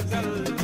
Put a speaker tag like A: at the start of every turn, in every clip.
A: sargal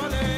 A: doole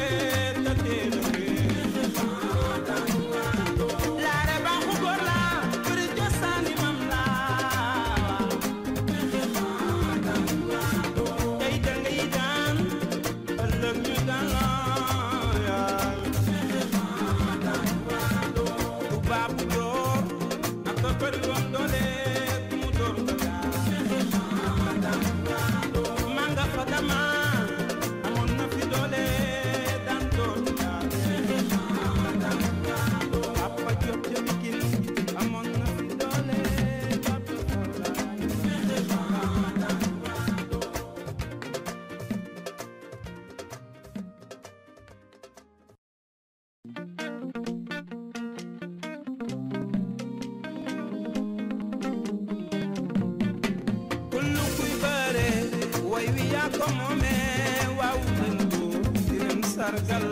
A: ko moomee waaw leen ko di leen sargal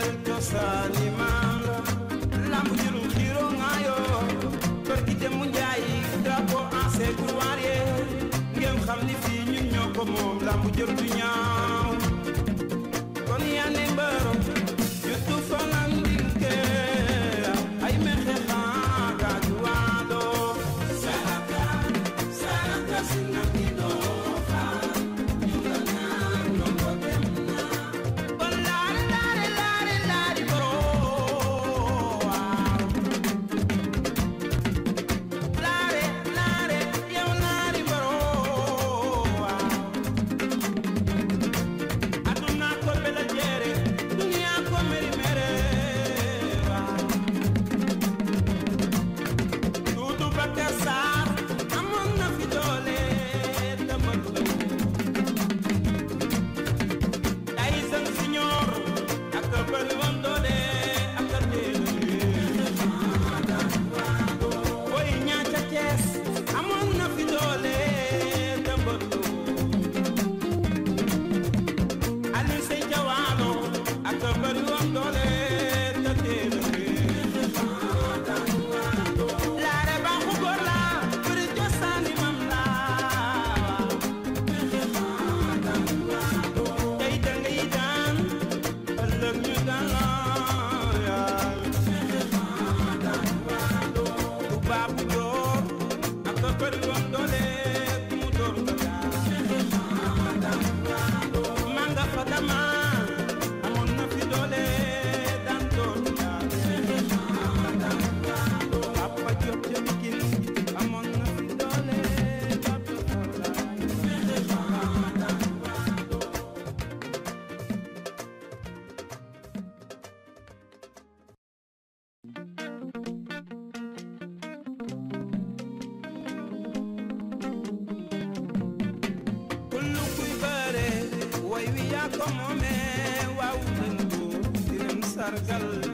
A: déggal cosaani maam sargal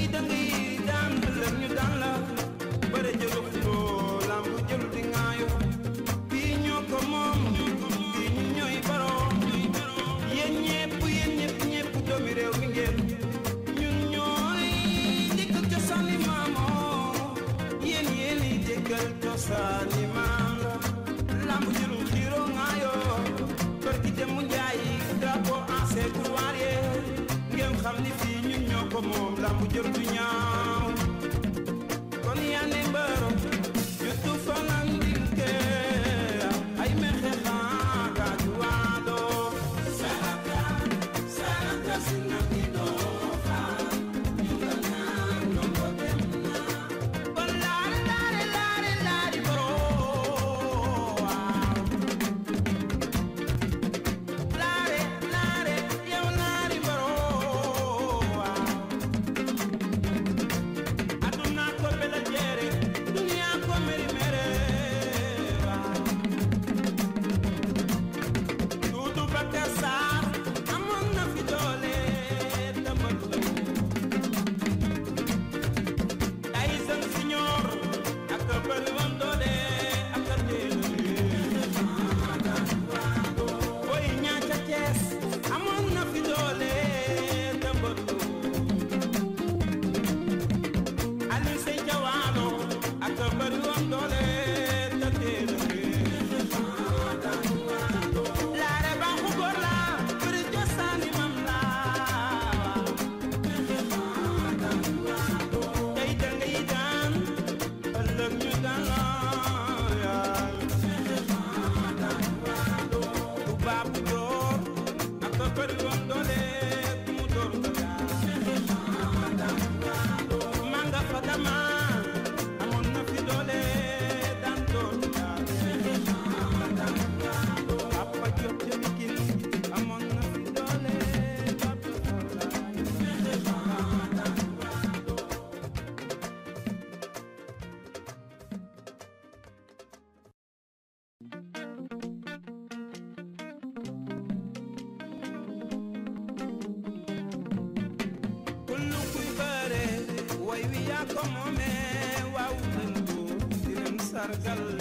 A: ngay dangi daan ëllëg ñu daan la bare jëlu xuloo lamb jëlu di ŋaayo fii ñoo ko moom fii ñu ñooy baroom yéen ñepp yéen ñepp ñepp doomi réew mi ngeen ñun ñooy dëkkal cosaani maamoo yéen yéen i dëkkal cosaani maam la lamb jëlu xiiroo ŋaayo barki dem mu njaay drapeau en secours waare ngeen xam ni fii ko moom làmb jël du ñaaw sagal